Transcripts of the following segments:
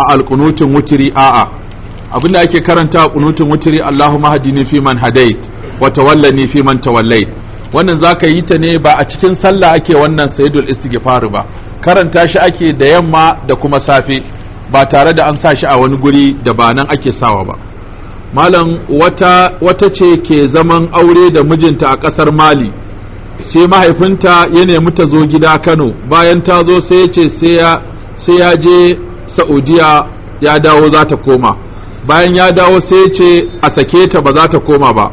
a alkunutun wutiri a'a abinda ake karanta a kunutun wutiri Allahumma hadini fi man hadait wa tawallani fi man tawallait wannan zaka yi ta ne ba a cikin sallah ake wannan sayyidul istighfar ba karanta shi ake da yamma da kuma safe ba tare da an sa shi a wani guri da ba nan ake sawa ba malam wata wata ce ke zaman aure da mijinta a ƙasar mali sai mahaifinta ya nemi ta zo gida kano bayan ta zo sai ya ce sai ya je saudiya ya dawo za ta koma bayan ya dawo sai ce a sake ta ba za ta koma ba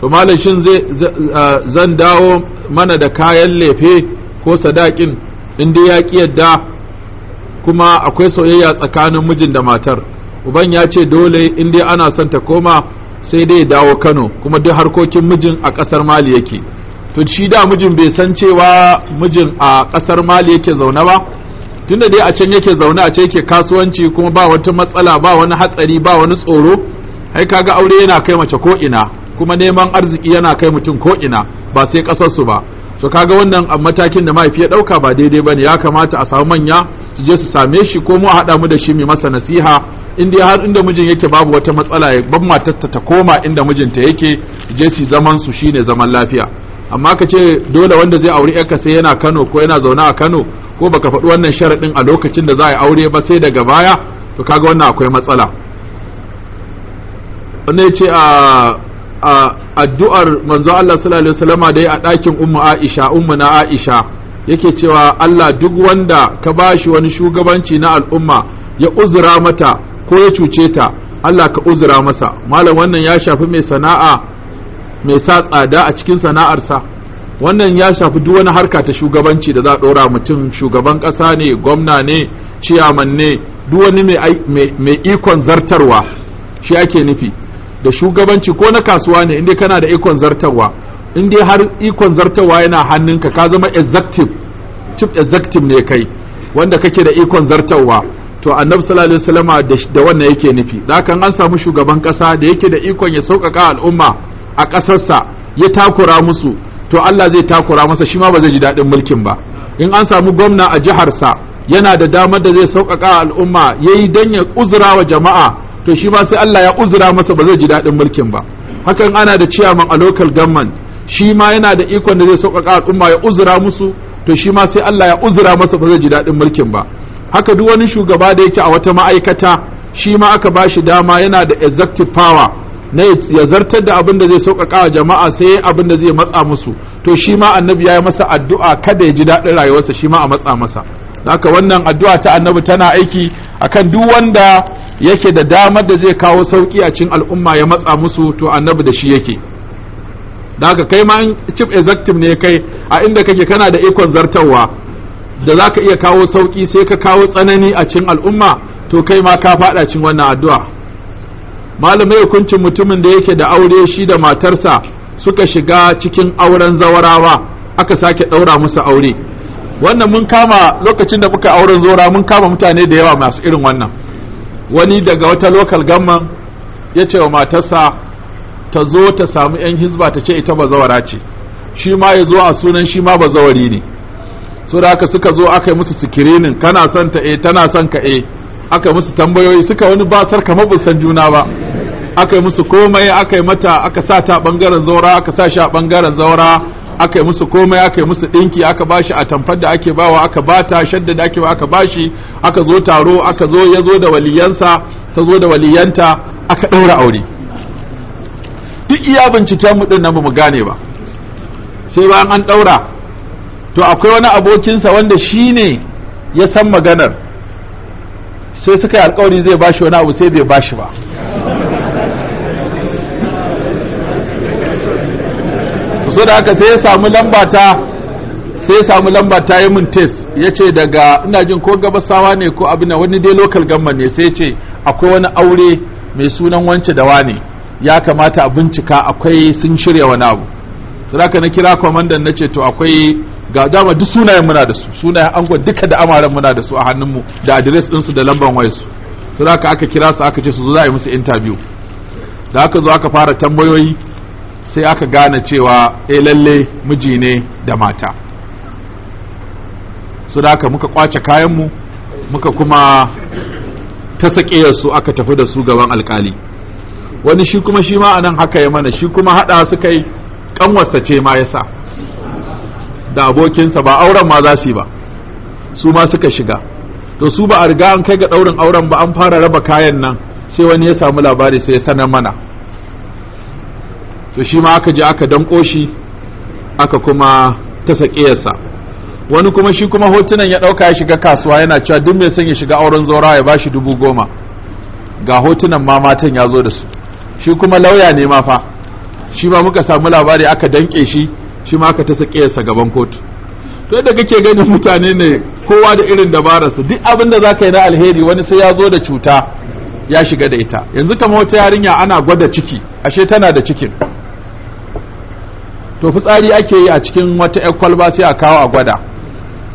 to malam shin zan dawo mana da kayan lefe ko sadakin inda ya ƙi yadda kuma akwai soyayya tsakanin mijin da matar uban ya ce dole in dai ana son ta koma sai dai dawo kano kuma duk harkokin mijin a ƙasar mali yake to shi da mijin bai san cewa mijin a ƙasar mali yake zaune ba tunda dai a can yake zaune a can yake kasuwanci kuma ba wata matsala ba wani hatsari ba wani tsoro ai kaga aure yana kai mace ko ina kuma neman arziki yana kai mutum ko ina ba sai kasar su ba to kaga wannan a matakin da mahaifi ya dauka ba daidai bane ya kamata a samu manya su je su same shi ko mu a hada mu da shi mai masa nasiha inda har inda mijin yake babu wata matsala ya ban matarta ta koma inda mijinta yake je su zaman su shine zaman lafiya amma ka ce dole wanda zai auri yarka sai yana Kano ko yana zaune a Kano ko baka faɗi wannan sharaɗin a lokacin da za a yi aure ba sai daga baya to kaga wannan akwai matsala wannan ya ce a a addu'ar manzo Allah sallallahu alaihi wasallama ya a ɗakin ummu Aisha ummu na Aisha yake cewa Allah duk wanda ka bashi wani shugabanci na al'umma ya uzura mata ko ya cuce ta Allah ka uzura masa malam wannan ya shafi mai sana'a mai sa tsada a cikin sana'arsa wannan ya shafi duk wani harka ta shugabanci da za a ɗora mutum shugaban kasa ne gwamna ne ciyaman ne duk wani mai ikon zartarwa shi ake nufi da shugabanci ko na kasuwa ne inda kana da ikon zartarwa inda har ikon zartarwa yana hannunka ka zama executive chief executive ne kai wanda kake da ikon zartarwa to annabi sallallahu alaihi wasallama da wannan yake nufi da kan an samu shugaban kasa da yake da ikon ya sauƙaƙa al'umma a ƙasarsa ya takura musu to Allah zai takura masa shi ma ba zai ji daɗin mulkin ba in an samu gwamna a jihar sa yana da damar da zai sauƙaƙa al'umma ya yi don ya uzura wa jama'a to shi ma sai Allah ya uzura masa ba zai ji daɗin mulkin ba hakan ana da ciyaman a local government shi ma yana da ikon da zai sauƙaƙa al'umma ya uzura musu to shi ma sai Allah ya uzura masa ba zai ji daɗin mulkin ba haka duk wani shugaba da yake a wata ma'aikata shi ma aka ba shi dama yana da executive power na ya zartar da abin da zai sauƙaƙa wa jama'a sai abin da zai matsa musu to shi ma annabi ya yi masa addu'a kada ya ji daɗin rayuwarsa shi ma a matsa masa haka wannan addu'a ta annabi tana aiki akan duk wanda yake da damar da zai kawo sauƙi a cikin al'umma ya matsa musu to annabi da shi yake da haka kai ma in chief executive ne kai a inda kake kana da ikon zartarwa da za ka iya kawo sauki sai ka kawo tsanani a cikin al'umma to kai ma ka faɗa cikin wannan addu'a malamai hukuncin mutumin da yake da aure shi da matarsa suka shiga cikin auren zawarawa aka sake ɗaura musu aure wannan mun kama lokacin da muka auren zora mun kama mutane da yawa masu irin wannan wani daga wata lokal gamman ya ce wa matarsa ta zo ta samu 'yan hizba ta ce ita bazawara ce shi ma ya zo a sunan shi ma bazawari ne so da haka suka zo aka yi musu sikirinin kana son ta e tana son ka e aka musu tambayoyi suka wani basar kamar busan juna ba aka yi musu komai aka yi mata aka sa ta bangaren zaura aka sa shi a bangaren zaura aka yi musu komai aka yi musu dinki aka bashi a tamfar da ake bawa aka bata shadda da ake ba aka bashi aka zo taro aka zo ya zo da waliyansa ta zo da waliyanta aka ɗaura aure duk iya binciken mu din nan mu gane ba sai bayan an ɗaura to akwai wani abokinsa wanda shi ne ya san maganar sai suka yi alkawari zai bashi wani abu sai bai bashi ba so da haka sai ya samu lamba ta sai ya samu lamba ta yi mun test ya ce daga ina jin ko gabasawa ne ko abin wani dai local gamma ne sai ya ce akwai wani aure mai sunan wance da wane ya kamata a bincika akwai sun shirya wani abu saboda na kira kwamandan na ce to akwai ga dama duk sunayen muna da su sunayen angon duka da amaren muna da su a hannunmu da adres ɗinsu da lambar wayarsu saboda aka kira su aka ce su zo za a yi musu interview da aka zo aka fara tambayoyi sai aka gane cewa e lalle miji ne da mata su da aka muka kwace kayanmu muka kuma ta su aka tafi da su gaban alkali wani shi kuma shi ma anan haka ya mana shi kuma hada su kai kanwarsa ce ma yasa da abokinsa ba auren ma za su yi ba su ma suka shiga to su ba a riga an kai ga daurin auren ba an fara raba kayan nan sai wani ya samu labari sai ya sanar mana to shi ma aka je aka danko shi aka kuma ta sakiyarsa wani kuma shi kuma hotunan ya ɗauka ya shiga kasuwa yana cewa duk mai son ya shiga auren zora ya bashi dubu goma ga hotunan ma matan ya zo da su shi kuma lauya ne ma fa shi ma muka samu labari aka danke shi shi ma aka ta sakiyarsa gaban kotu to yadda kake ganin mutane ne kowa da irin dabararsa duk abin da zaka yi na alheri wani sai ya zo da cuta ya shiga da ita yanzu kamar wata yarinya ana gwada ciki ashe tana da cikin to fitsari ake yi a cikin wata yar kwalba sai a kawo a gwada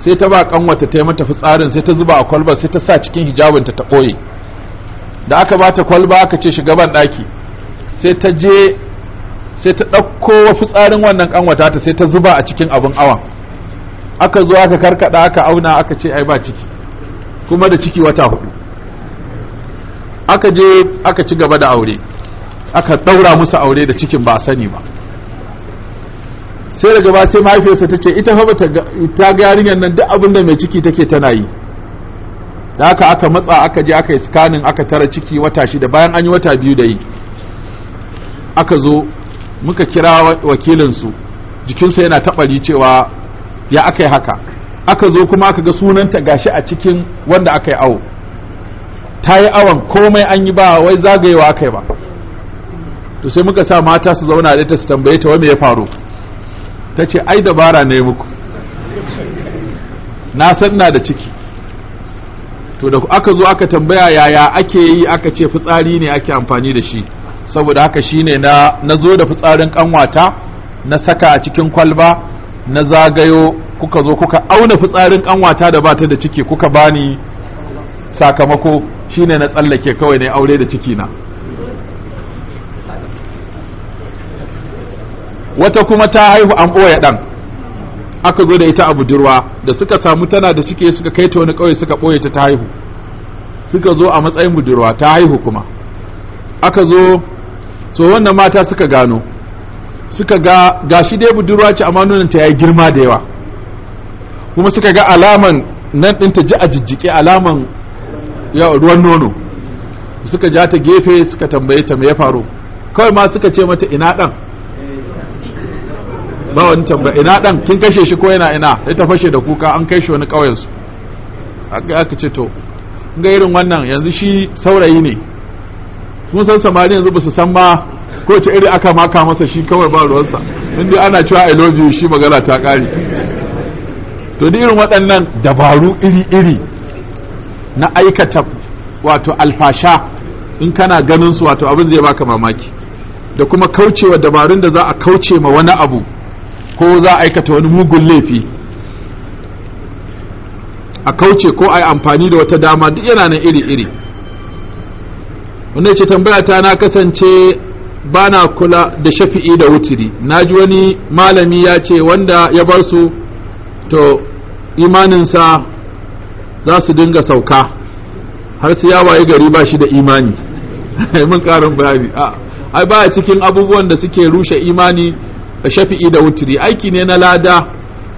sai ta ba kanwata ta yi mata fitsarin sai ta zuba a kwalbar sai ta sa cikin hijabinta ta koye da aka ba ta kwalba aka ce shiga ban daki sai ta je sai ta ɗauko fitsarin wannan kanwata ta sai ta zuba a cikin abin awan aka zo aka karkada aka auna aka ce ai ba ciki kuma da ciki wata hudu aka je aka ci gaba da aure aka ɗaura musu aure da cikin ba sani ba sai daga ba sai mahaifiyarsa ta ce ita fa ta ga yarinyar nan duk abin da mai ciki take tana yi da haka aka matsa aka je aka yi scanning aka tara ciki wata shida bayan an yi wata biyu da yi aka zo muka kira wakilinsu jikinsa yana taɓari cewa ya aka yi haka aka zo kuma aka ga sunanta gashi a cikin wanda aka yi awo ta yi awon komai an yi ba wai zagayewa aka yi ba to sai muka sa mata su zauna da ta su tambaye ta wai me ya faru ta ce ai dabara ne muku na san na da ciki to da aka zo aka tambaya yaya ake yi aka ce fitsari ne ake amfani da shi saboda haka shine na na zo da fitsarin kanwata na saka a cikin kwalba na zagayo kuka zo kuka auna fitsarin kanwata da bata da ciki kuka bani sakamako shi ne na tsallake kawai ne aure da ciki na wata kuma ta haihu an ɓoye ɗan aka zo da ita a budurwa da suka samu tana da cike suka kai ta wani ƙauye suka ɓoye ta ta haihu suka zo a matsayin budurwa ta haihu kuma aka zo so wannan mata suka gano suka ga gashi dai budurwa ce amma nuna ta yayi girma da yawa kuma suka ga alaman nan ɗinta ji a jijjike alaman ruwan nono suka ja ta gefe suka tambaye ta me ya faru kawai ma suka ce mata ina ɗan ba wani tambaya ina dan kin kashe shi ko yana ina sai ta fashe da kuka an kai shi wani ƙauyen su aka ce to ga irin wannan yanzu shi saurayi ne sun san samari yanzu ba su san ma ko ce iri aka maka masa shi kawai ba ruwansa in dai ana cewa i love you shi magana ta kare to da irin waɗannan dabaru iri-iri na aikata wato alfasha in kana ganin su wato abin zai baka mamaki da kuma kaucewa dabarun da za a kauce ma wani abu ko za a aikata wani mugun laifi a kauce ko a yi amfani da wata dama duk yana nan iri-iri wanda ce tambaya ta na kasance ba na kula da shafi'i da wuturi. na ji wani malami ya ce wanda ya bar su to imaninsa za su dinga sauka har su yawaye gari ba shi da imani mun karin bayani ai ba cikin abubuwan da suke rushe imani shafi'i da wutiri aiki ne na lada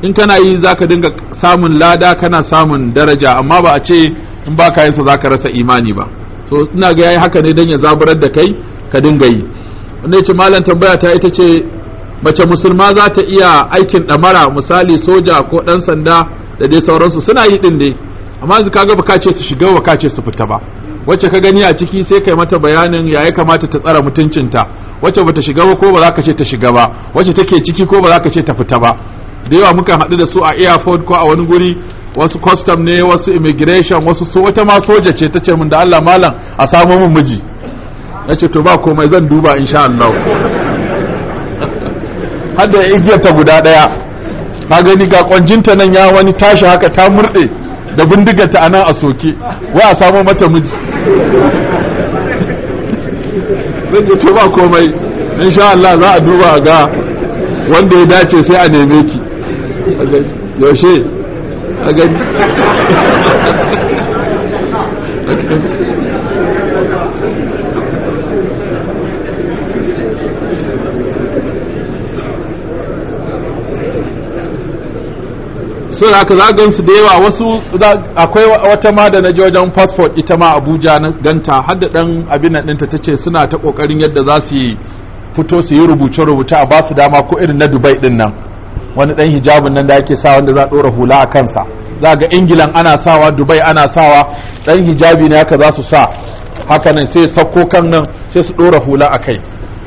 in kana yi zaka dinga samun lada kana samun daraja amma ba a ce in ba ka yinsa zaka rasa imani ba to ina ga yayi haka ne dan ya zaburar da kai ka dinga yi wanda yace malam tambaya ta ita ce mace musulma za ta iya aikin damara misali soja ko dan sanda da dai sauransu suna yi din dai amma yanzu kaga baka ce su shiga baka ce su fita ba wacce ka gani a ciki sai kai mata bayanin ya ya kamata ta tsara mutuncinta wacce bata shiga ba ko ba za ka ce ta shiga ba wacce take ciki ko ba za ka ce ta fita ba da yawa muka haɗu da su a airport ko a wani guri wasu custom ne wasu immigration wasu su wata ma soja ce ta ce min da Allah malam a samo min miji na ce to ba komai zan duba insha Allah har da igiyar ta guda ɗaya. ka gani ga kwanjinta nan ya wani tashi haka ta murde da bindigarta a nan a soke wai a samo mata miji zai ce ba komai insha Allah za a duba ga wanda ya dace sai a neme ki yaushe a gani so da haka za gansu da yawa wasu akwai wata ma da na ji wajen passport ita ma abuja na ganta har dan abin ɗinta ta ce suna ta kokarin yadda za su yi fito su yi rubuce-rubuce a ba dama ko irin na dubai din nan wani dan hijabin nan da ake sa wanda za a ɗora hula a kansa za ga ingilan ana sawa dubai ana sawa dan hijabi ne haka za su sa haka nan sai sakko kan nan sai su ɗora hula a kai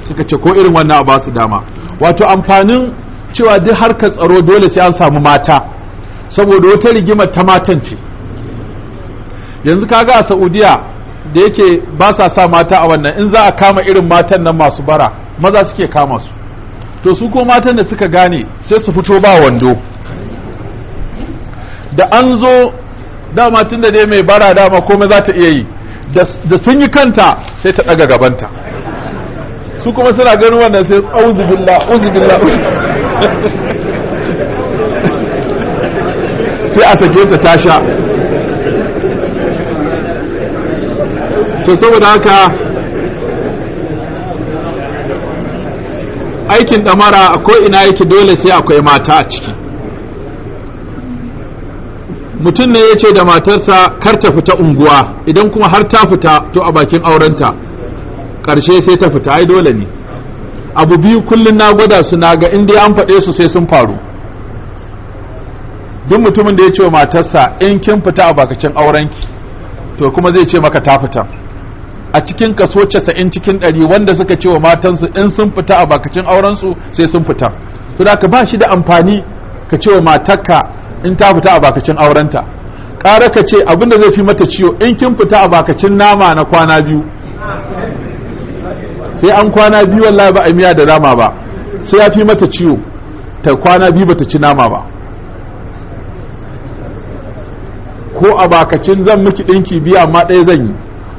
suka ce ko irin wannan a ba dama wato amfanin cewa duk harkar tsaro dole sai an samu mata saboda wata rigimar ta matan ce yanzu kaga a saudiya da yake ba sa sa mata a wannan in za a kama irin matan nan masu bara maza suke kama su to su ko matan da suka gane sai su fito ba wando da an zo dama tun da dai mai bara dama komai za ta iya yi da sun yi kanta sai ta ɗaga gabanta su kuma suna ganin wannan sai auzubillah auzubillah sai a sake ta tasha to saboda haka aikin ɗamara a ina yake dole sai akwai mata a ciki mutum ne ya ce da matarsa kar ta fita unguwa idan kuma har ta fita to a bakin aurenta ƙarshe sai ta fita ai dole ne abu biyu kullum na gwada su na ga inda an faɗe su sai sun faru duk mutumin da ya ce wa matarsa in kin fita a bakacin aurenki to kuma zai ce maka ta fita a cikin kaso 90 cikin 100 wanda suka ce wa matansu in sun fita a bakacin aurensu sai sun fita to da ka ba shi da amfani ka ce wa matarka in ta fita a bakacin aurenta ƙara ka ce abinda zai fi mata ciwo in kin fita a bakacin nama na kwana biyu sai an kwana biyu wallahi ba a miya da nama ba sai ya fi mata ciwo ta kwana biyu bata ci nama ba ko a bakacin zan miki ɗinki biya amma ɗaya zan yi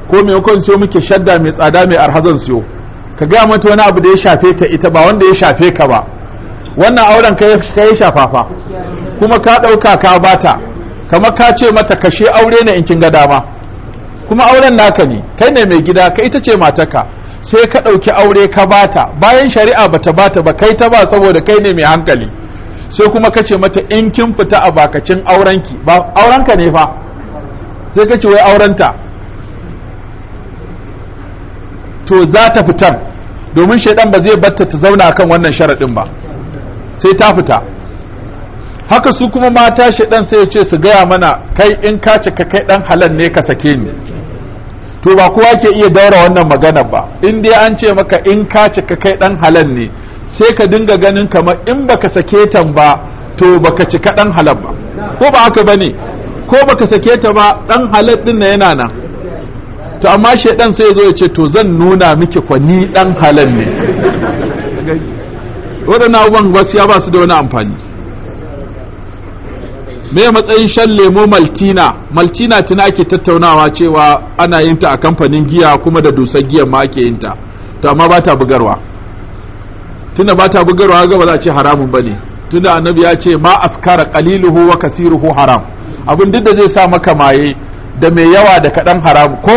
ko maimakon siyo miki shadda mai tsada mai arhazan siyo ka gaya mata wani abu da ya shafe ta ita ba wanda ya shafe ka ba wannan auren ka ya shafafa kuma ka ɗauka ka bata kama ka ce mata kashe aure ne in kin ga dama kuma auren naka ne kai ne mai gida ka ita ce mataka sai ka ɗauki aure ka bata bayan shari'a bata bata ba kai ta ba saboda kai ne mai hankali sai kuma ka ce mata in kin fita a bakacin aurenki ba aurenka ne fa sai ka ce wai aurenta to za ta fitar domin shaidan ba zai batta ta zauna kan wannan sharaɗin ba sai ta fita haka su kuma mata shaidan sai ya ce su gaya mana kai in ka cika kai dan halal ne ka sake ni to ba kowa ke iya daura wannan maganar ba in dai an ce maka in ka cika kai dan halal ne sai ka dinga ganin kamar in baka sake ta ba to baka cika dan halal ba ko ba haka bane ko baka sake ta ba dan halal din yana nan to amma shedan sai zo ya ce to zan nuna miki kwa ni dan halal ne waɗannan abubuwan gaskiya ba su da wani amfani me matsayin shan lemo maltina maltina tana ake tattaunawa cewa ana yin ta a kamfanin giya kuma da dusar giyan ma ake yin ta to amma ba ta bugarwa tunda ba ta bugarwa ga ba za a ce haramun bane tunda annabi ya ce ma askara qaliluhu wa kasiruhu haram abin duk da zai sa maka maye da mai yawa da kaɗan haram ko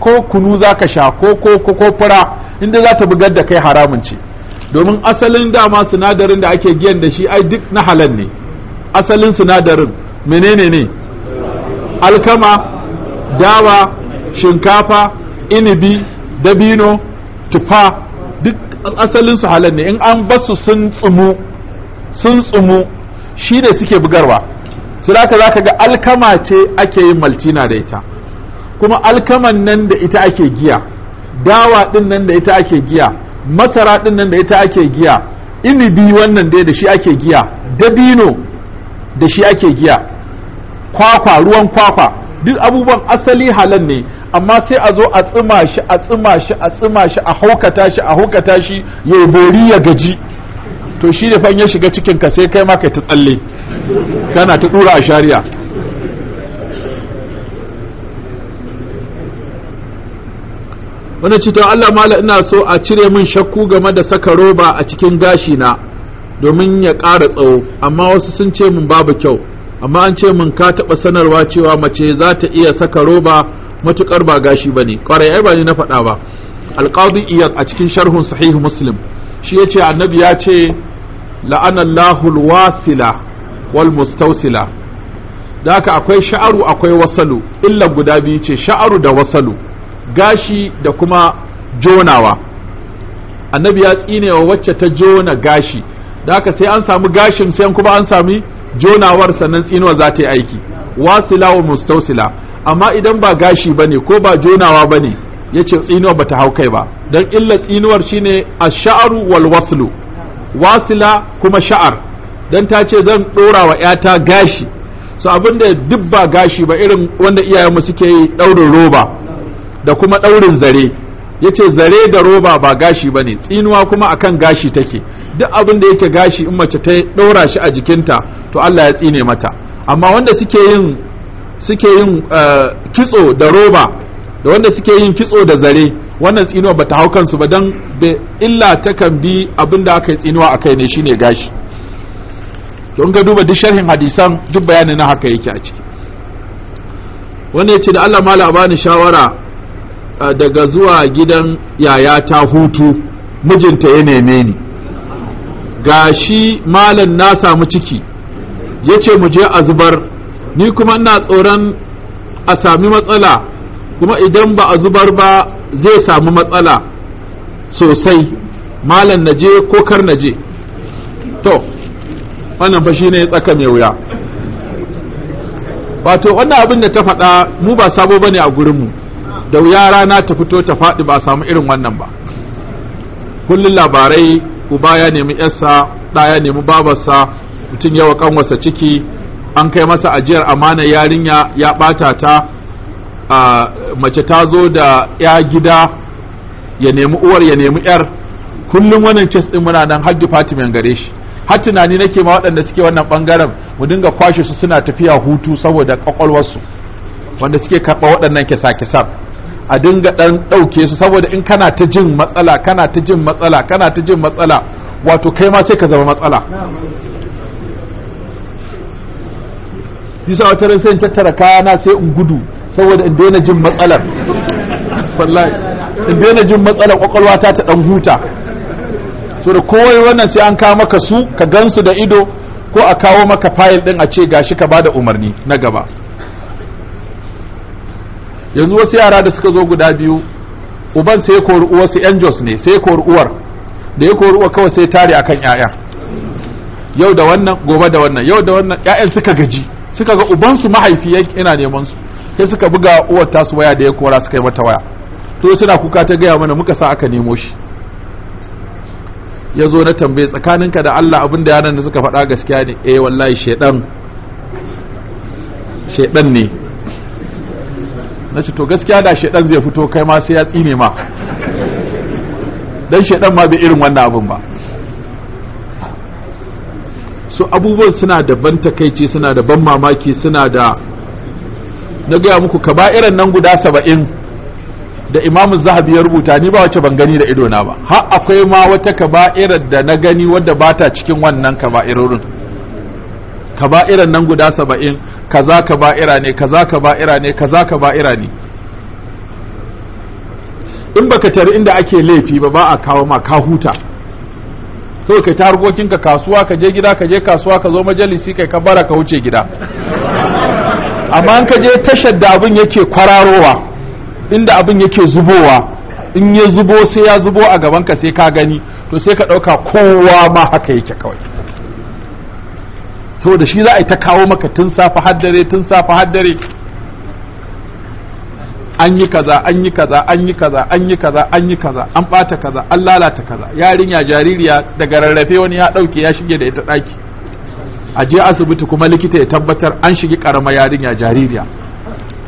ko kunu za ka sha ko ko ko fura inda za ta bugar da kai haramun ce domin asalin dama sinadarin da ake giyan da shi ai duk na halal ne asalin sinadarin menene ne alkama dawa shinkafa inibi dabino tufa asalin su halal ne in an basu sun tsumu sun tsumu shi ne suke bugarwa su da za ga alkama ce ake yin maltina da ita kuma alkaman nan da ita ake giya dawa din nan da ita ake giya masara din nan da ita ake giya inibi wannan dai da shi ake giya dabino da shi ake giya kwakwa ruwan kwakwa duk abubuwan asali halal ne amma sai a zo a tsima shi a tsima shi a tsima shi a haukata shi a haukata shi ya bori ya gaji to shi da shiga cikin ka sai kai ma kai ta tsalle kana ta dura a shari'a wani ce Allah mala ina so a cire min shakku game da saka roba a cikin gashi na domin ya ƙara tsawo amma wasu sun ce min babu kyau amma an ce min ka taɓa sanarwa cewa mace za ta iya saka roba matukar ba gashi bane ƙwarai ai ba ne na faɗa ba alqadi iya a cikin sharhun sahih muslim shi yace annabi ya ce la'ana allahul wasila wal mustausila da haka akwai sha'aru akwai wasalu illa guda biyu ce sha'aru da wasalu gashi da kuma jonawa annabi ya tsinewa wacce ta jona gashi da haka sai an sami gashin sai kuma an sami jonawar sannan tsinuwa za ta yi aiki wasila wa mustausila amma idan ba gashi bane ko ba jonawa bane yace tsinuwar bata hau kai ba Don illa tsinuwar shine asha'ar walwaslu. wal waslu wasila kuma sha'ar Don ta ce zan ɗora wa yata gashi so da duk ba gashi ba irin wanda iyayenmu suke yi ɗaurin roba da kuma ɗaurin zare yace zare da roba ba gashi bane tsinuwa kuma akan gashi take duk abin da yake gashi in mace ta ɗora shi a jikinta to Allah ya tsine mata amma wanda suke yin suke yin eh, kitso da roba da wanda suke yin kitso da zare wannan tsinuwa bata hau kansu ba don da illa takan bi abin da aka yi tsinuwa a kai ne shine gashi don ka duba duk sharhin hadisan duk bayanin na haka yake a ciki wanda ya ce da Allah mala bani shawara eh, daga zuwa gidan yaya ta hutu mijinta ya neme ni gashi malam na samu ciki ya ce mu je a zubar ni kuma ina tsoron a sami matsala kuma idan ba a zubar ba zai sami matsala sosai malam naje ko kar naje to wannan fa shine tsaka mai wuya wato wannan abin da ta faɗa mu ba sabo bane a gurinmu da wuya rana ta fito ta faɗi ba samu irin wannan ba kullum labarai uba ya nemi yarsa ɗaya ya nemi babarsa mutum yawa wasa ciki an kai masa ajiyar amana yarinya ya bata ta mace ta zo da ya gida ya nemi uwar ya nemi yar kullum wannan kes din muna nan har department gare shi har tunani nake ma waɗanda suke wannan bangaren mu dinga kwashe su suna tafiya hutu saboda kwakwalwarsu wanda suke karɓa waɗannan kisa-kisan a dinga ɗan ɗauke su saboda in kana ta jin matsala kana ta jin matsala kana ta jin matsala wato kai ma sai ka zama matsala yasa wata ran sai in tattara kayana sai in gudu saboda in daina jin matsalar wallahi in daina jin matsalar kwakwalwa ta ta dan huta so da kowai wannan sai an kawo maka su ka gansu da ido ko a kawo maka fayil din a ce gashi ka bada umarni na gaba yanzu wasu yara da suka zo guda biyu uban sai ya kori uwarsu angels ne sai ya kori uwar da ya kori uwar kawai sai tare akan 'ya'yan yau da wannan gobe da wannan yau da wannan 'ya'yan suka gaji suka ga ubansu mahaifi yana neman su sai suka buga uwar tasu waya da ya kora suka yi mata waya to suna kuka ta gaya mana muka sa aka nemo shi ya zo na tambaye tsakaninka da Allah abin da yaran da suka faɗa gaskiya ne eh wallahi shaidan shaidan ne na to gaskiya da shaidan zai fito kai ma sai ya tsine ma dan shaidan ma bai irin wannan abin ba su abubuwan suna da ban takaici suna da ban mamaki suna da na gaya muku ka kaba'iran nan guda saba'in da imamu zahabi ya rubuta ni ba wace ban gani da ido na ba har akwai ma wata ka kaba'irar da na gani wadda ba ta cikin wannan ka ka kaba'iran nan guda saba'in kaza ba'ira ne kaza ba'ira ne kaza ba'ira ne in baka tari inda ake laifi ba ba a kawo ma ka huta kawai kai ta harkokinka kasuwa ka je gida ka je kasuwa ka zo majalisi kai ka bara ka wuce gida amma an ka je tashar da abin yake kwararowa inda abin yake zubowa in ya zubo sai ya zubo a gaban ka sai ka gani to sai ka ɗauka kowa ma haka yake kawai saboda shi za a yi ta kawo maka tun safa haddare tun safa haddare an yi kaza an yi kaza an yi kaza an yi kaza an yi kaza an ɓata kaza an lalata kaza yarinya jaririya daga rarrafe wani ya ɗauke ya shige da ita ɗaki. a je asibiti kuma likita ya tabbatar an shige karama yarinya jaririya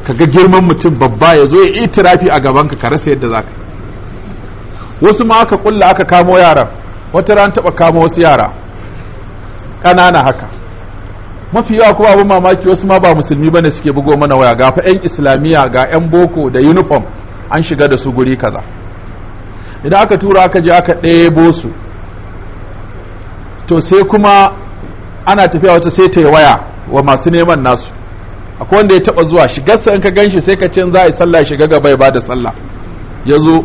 ga girman mutum babba ya zo ya itirafi a gaban ka rasa yadda zaka wasu ma aka kulla aka kamo yaran wata ran taba kamo wasu yara ƙanana haka mafi yawa kuma abin mamaki wasu ma ba musulmi ne suke bugo mana waya ga 'yan islamiyya ga 'yan boko da uniform an shiga da su guri kaza idan aka tura aka je aka ɗebo su to sai kuma ana tafiya wata sai ta yi waya wa masu neman nasu akwai wanda ya taba zuwa shigarsa in ka gan shi sai ka ce za a yi sallah shiga gaba ya bada sallah ya zo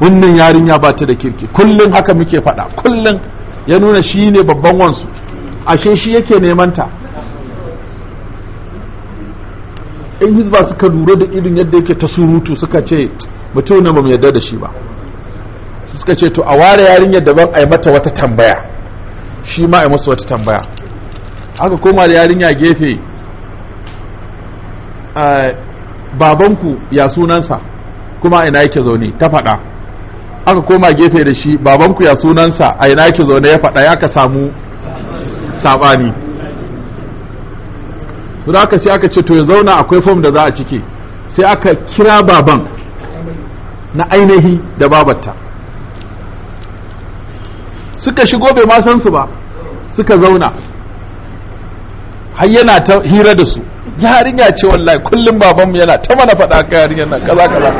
wannan yarinya ba ta da kirki kullum haka muke faɗa kullum ya nuna shi ne babban wansu ashe shi yake neman ta in hizba suka lura da irin yadda yake ta surutu suka ce mutum na bamu da shi ba suka ce to a ware yarinyar daban a yi mata wata tambaya shi ma a yi masa wata tambaya aka koma da yarinya gefe babanku ya sunansa kuma a ina yake zaune ta faɗa aka koma gefe da shi babanku ya sunansa a ina yake zaune ya faɗa ya ka samu sabani to aka sai aka ce to ya zauna akwai fom da za a cike sai aka kira baban na ainihi da babatta suka shigo bai ma san su ba suka zauna har yana ta hira da su yarinya ce wallahi kullum babanmu yana ta mana faɗa ka yarinya nan kaza kaza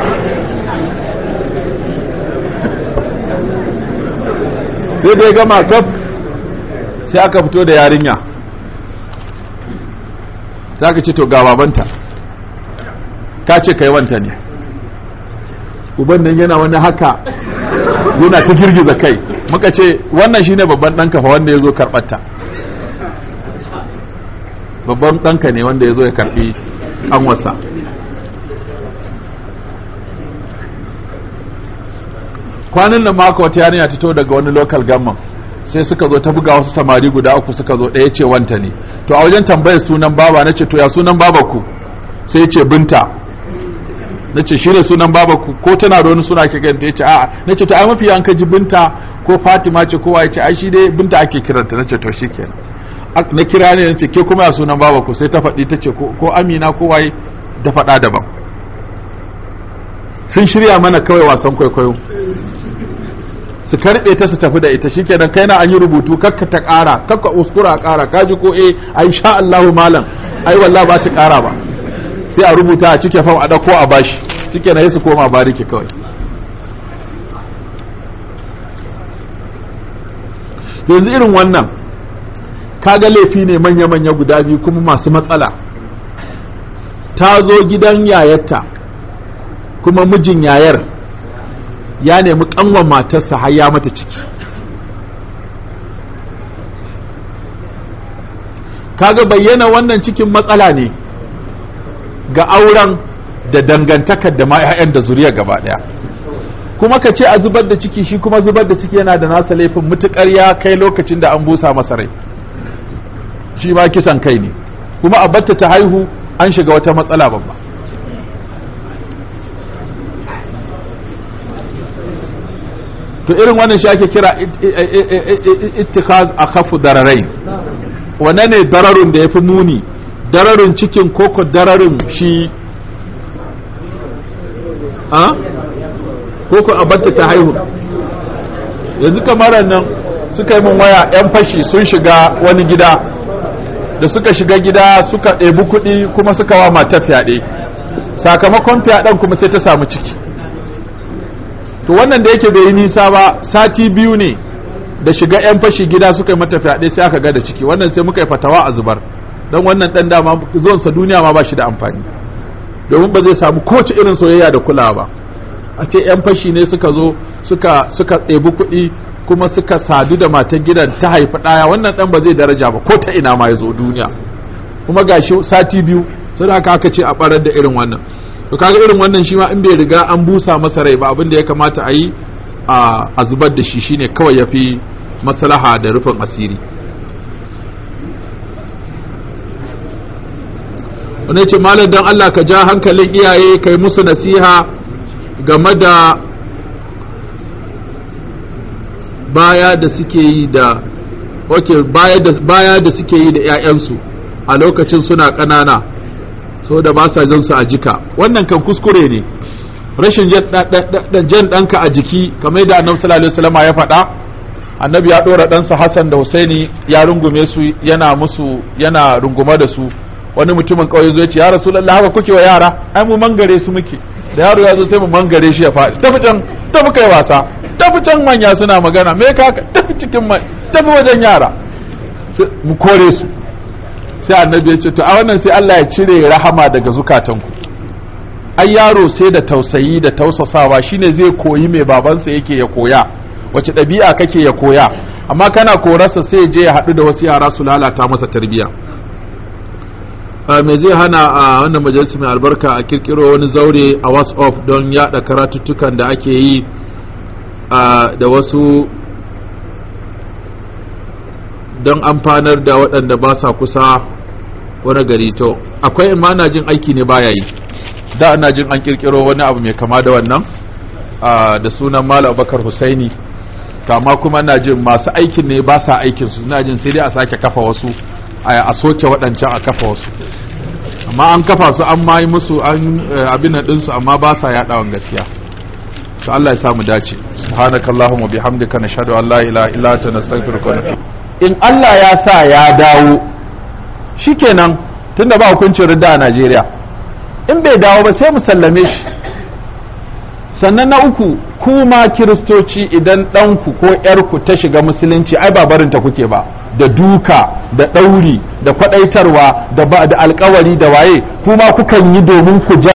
sai dai gama kaf sai aka fito da yarinya sai ka ce to ga babanta ka ce yi wanta ne uban nan yana wani haka yana ta girgiza kai muka ce wannan shine babban ɗanka fa wanda ya zo karɓarta babban ɗanka ne wanda ya zo ya karɓi an wasa kwanan nan maka wata yarinya ta to daga wani local government sai suka zo ta buga wasu samari guda uku suka zo ɗaya ce wanta ne to a wajen tambayar sunan baba na ce to ya sunan baba ku sai ce binta na ce shi ne sunan baba ku ko tana da wani suna ke ganta ya ce a'a na ce to ai mafi an ka ji binta ko fatima ce kowa ya ce ai shi dai binta ake kiranta na ce to shi ke na kira ne na ce ke kuma ya sunan baba ku sai ta faɗi ta ce ko amina ko waye da faɗa daban sun shirya mana kawai wasan kwaikwayo su karbe ta su tafi da ita shikenan kai na an yi rubutu kakka ta ƙara kakka uskura kara kaji ko eh ai sha Allahu malam ai wallahi ba ta ƙara ba sai a rubuta a cike fam a dauko a bashi shikenan sai su koma bariki kawai yanzu irin wannan ka ga laifi ne manya-manya guda biyu kuma masu matsala ta zo gidan yayarta kuma mijin yayar ya nemi ƙanwar matarsa har ya mata ciki kaga bayyana wannan cikin matsala ne ga auren da dangantakar da ma da zuriya gaba daya kuma ka ce a zubar da ciki shi kuma zubar da ciki yana da nasa laifin mutukar ya kai lokacin da an busa masa rai shi ma kisan kai ne kuma a batta ta haihu an shiga wata matsala babba to irin wannan shi ake kira ittikaz kafu dararai Wane ne dararun da ya fi nuni? dararun cikin koko dararun shi a koko abarta ta haihu yanzu kamar nan suka yi mun waya yan fashi sun shiga wani gida da suka shiga gida suka ɗebi kuɗi kuma suka wa mata fyaɗe sakamakon fyaɗen kuma sai ta samu ciki to wannan da yake bai yi nisa ba sati biyu ne da shiga yan fashi gida suka yi mata fyaɗe sai aka ga da ciki wannan sai muka yi fatawa a zubar don wannan dan dama zuwansa duniya ma ba shi da amfani domin ba zai samu kowace irin soyayya da kulawa ba a ce yan fashi ne suka zo suka suka ɗebi kuɗi kuma suka sadu da matan gidan ta haifi ɗaya wannan ɗan ba zai daraja ba ko ta ina ma ya zo duniya kuma gashi sati biyu sai haka aka ce a ɓarar da irin wannan to kaga irin wannan shi ma in bai riga an busa masa rai ba abin da ya kamata a yi a zubar da shi shine kawai ya fi maslaha da rufin asiri wani ce malam don Allah ka ja hankalin iyaye kai musu nasiha game da baya da suke yi da okay, baya da suke yi da 'ya'yansu a lokacin suna ƙanana so da ba sa jin su a jika wannan kan kuskure ne rashin jan ɗanka a jiki kamar da annabi sallallahu alaihi wasallam ya faɗa annabi ya ɗora ɗansa Hassan da Husaini ya rungume su yana musu yana rungume da su wani mutumin ƙauye zo ce ya rasulullahi haka kuke wa yara ai mu mangare su muke da yaro ya zo sai mu mangare shi ya faɗi tafi can tafi kai wasa tafi can manya suna magana me ka tafi cikin tafi wajen yara mu kore su sai annabi ya ce to a wannan sai Allah ya cire rahama daga zukatanku ai yaro sai da tausayi da tausasawa shine zai koyi mai babansa yake ya koya wace ɗabi'a kake ya koya amma kana korarsa sai ya je ya haɗu da wasu yara su lalata masa tarbiyya ah, me zai hana a ah, wannan majalisa mai albarka a kirkiro wani zaure a whatsapp don yada karatuttukan da ake yi ah, da wasu don amfanar da waɗanda ba sa kusa wani gari to akwai in ma ana jin aiki ne baya yi da ana jin an kirkiro wani abu mai kama da wannan da sunan malam abubakar husaini kama kuma na jin masu aikin ne ba sa aikin su na jin sai dai a sake kafa wasu a soke waɗancan a kafa wasu amma an kafa su an mayi musu an abin ɗinsu amma ba sa yaɗawan gaskiya su Allah ya sa mu dace subhanakallahumma bihamdika nashhadu an la ilaha illa anta nastaghfiruka in Allah ya sa ya dawo shikenan tunda ba hukuncin ridda a Najeriya in bai dawo ba sai mu sallame shi sannan na uku kuma kiristoci idan ɗanku ko ‘yarku ta shiga musulunci ai ba barinta kuke ba da duka da ɗauri da kwaɗaitarwa da da alkawari da waye kuma kukan yi domin ku ja